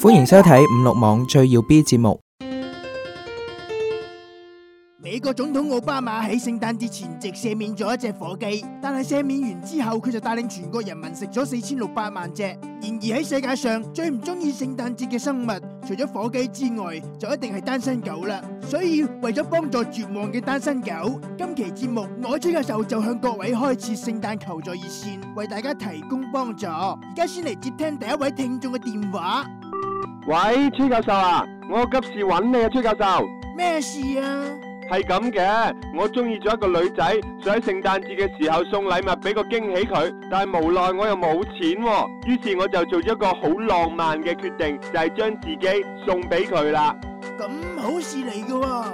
歡迎收睇五六網最耀 B 節目。美國總統奧巴馬喺聖誕節前夕赦免咗一隻火雞，但係赦免完之後佢就帶領全國人民食咗四千六百萬隻。然而喺世界上最唔中意聖誕節嘅生物，除咗火雞之外，就一定係單身狗啦。所以為咗幫助絕望嘅單身狗，今期節目我崔教授就就向各位開設聖誕求助熱線，為大家提供幫助。而家先嚟接聽第一位聽眾嘅電話。喂，崔教授啊，我急事揾你啊，崔教授。咩事啊？係咁嘅，我中意咗一個女仔，想喺聖誕節嘅時候送禮物俾個驚喜佢，但係無奈我又冇錢喎，於是我就做咗一個好浪漫嘅決定，就係、是、將自己送俾佢啦。咁好事嚟噶喎？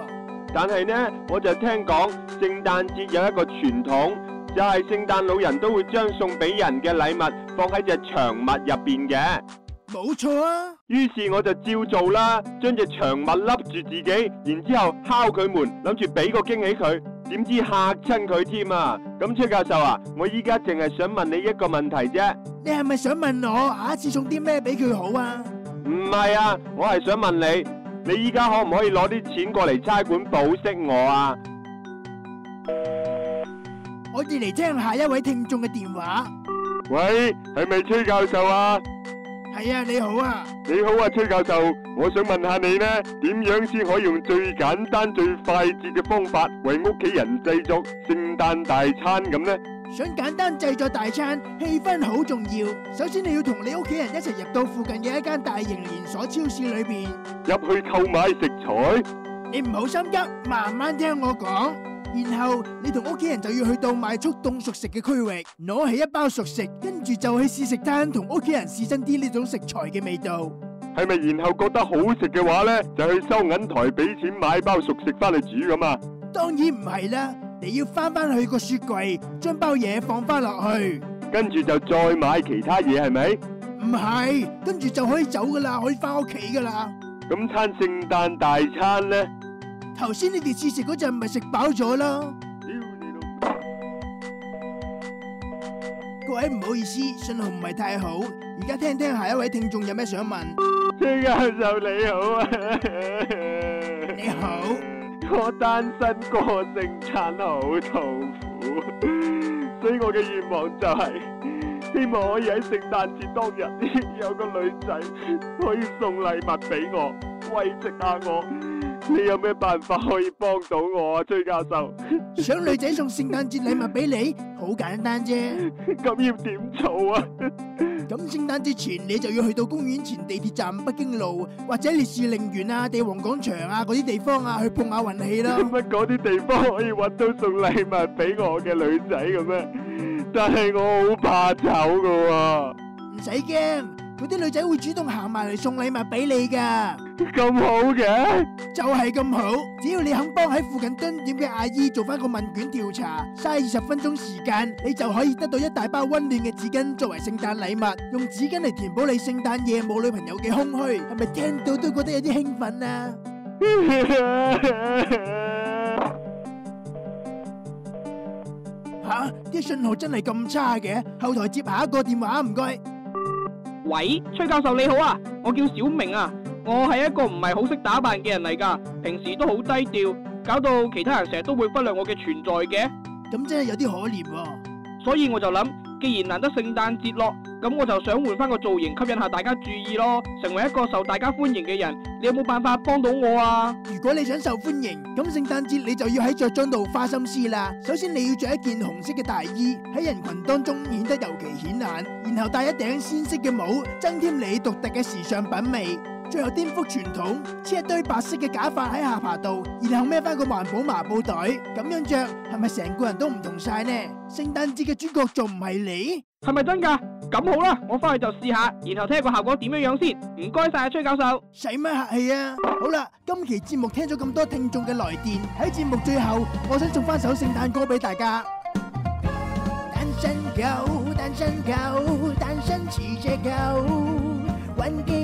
但係呢，我就聽講聖誕節有一個傳統，就係聖誕老人都會將送俾人嘅禮物放喺隻長襪入邊嘅。冇錯啊。於是我就照做啦，將隻長襪，笠住自己，然之後敲佢門，諗住俾個驚喜佢，點知吓親佢添啊！咁、嗯、崔教授啊，我依家淨係想問你一個問題啫。你係咪想問我下次送啲咩俾佢好啊？唔係啊，我係想問你，你依家可唔可以攞啲錢過嚟差館保釋我啊？我哋嚟聽下一位聽眾嘅電話。喂，係咪崔教授啊？係啊，你好啊！你好啊，崔教授，我想問下你呢，點樣先可以用最簡單、最快捷嘅方法為屋企人製作聖誕大餐咁呢？想簡單製作大餐，氣氛好重要。首先你要同你屋企人一齊入到附近嘅一間大型連鎖超市裏面，入去購買食材。你唔好心急，慢慢聽我講。然後你同屋企人就要去到賣速凍熟食嘅區域，攞起一包熟食，跟住就去試食攤，攤同屋企人試真啲呢種食材嘅味道。係咪然後覺得好食嘅話呢，就去收銀台俾錢買包熟食翻嚟煮咁啊？當然唔係啦，你要翻翻去個雪櫃，將包嘢放翻落去，跟住就再買其他嘢係咪？唔係，跟住就可以走噶啦，可以翻屋企噶啦。咁餐聖誕大餐呢？頭先你哋試食嗰陣咪食飽咗咯。 各位唔好意思，信號唔係太好，而家聽聽下一位聽眾有咩想問。崔教授你好啊。你好，我單身過聖誕好痛苦，所以我嘅願望就係希望可以喺聖誕節當日有個女仔可以送禮物俾我，慰藉下我。你有咩辦法可以幫到我啊，崔教授？想女仔送聖誕節禮物俾你，好簡單啫。咁 要點做啊？咁聖誕節前你就要去到公園前地鐵站北京路或者烈士陵園啊、地王廣場啊嗰啲地方啊，去碰下運氣啦。乜嗰啲地方可以搵到送禮物俾我嘅女仔嘅咩？ 但係我好、啊、怕醜噶。唔使驚。有啲女仔會主動行埋嚟送禮物俾你噶，咁好嘅？就係咁好，只要你肯幫喺附近蹲點嘅阿姨做翻個問卷調查，嘥二十分鐘時間，你就可以得到一大包溫暖嘅紙巾作為聖誕禮物，用紙巾嚟填補你聖誕夜冇女朋友嘅空虛，係咪聽到都覺得有啲興奮啊？吓？啲信號真係咁差嘅？後台接下一個電話，唔該。喂，崔教授你好啊，我叫小明啊，我係一個唔係好識打扮嘅人嚟噶，平時都好低調，搞到其他人成日都會忽略我嘅存在嘅，咁真係有啲可憐喎、啊，所以我就諗，既然難得聖誕節咯，咁我就想換翻個造型，吸引下大家注意咯，成為一個受大家歡迎嘅人。你有冇辦法幫到我啊？如果你想受歡迎，咁聖誕節你就要喺着裝度花心思啦。首先你要着一件紅色嘅大衣，喺人群當中顯得尤其顯眼。然後戴一頂鮮色嘅帽，增添你獨特嘅時尚品味。最後顛覆傳統，穿一堆白色嘅假髮喺下巴度，然後孭翻個環保麻布袋，咁樣着係咪成個人都唔同晒呢？聖誕節嘅主角仲唔係你？係咪真噶？咁好啦，我翻去就試下，然後聽個效果點樣樣先。唔該晒啊，崔教授。使乜客氣啊？好啦，今期節目聽咗咁多聽眾嘅來電，喺節目最後，我想送翻首聖誕歌俾大家。單身狗，單身狗，單身似隻狗，問幾？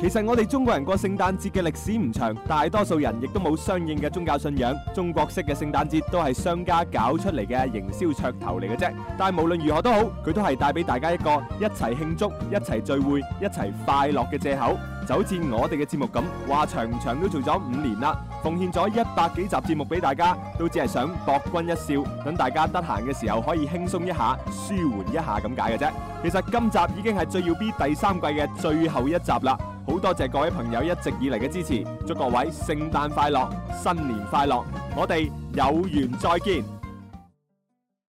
其實我哋中國人過聖誕節嘅歷史唔長，大多數人亦都冇相應嘅宗教信仰。中國式嘅聖誕節都係商家搞出嚟嘅營銷噱頭嚟嘅啫。但係無論如何都好，佢都係帶俾大家一個一齊慶祝、一齊聚會、一齊快樂嘅借口。就好似我哋嘅節目咁，話長唔長都做咗五年啦，奉獻咗一百幾集節目俾大家，都只係想博君一笑，等大家得閒嘅時候可以輕鬆一下、舒緩一下咁解嘅啫。其實今集已經係最要 B 第三季嘅最後一集啦。多謝各位朋友一直以來嘅支持，祝各位聖誕快樂、新年快樂，我哋有緣再見。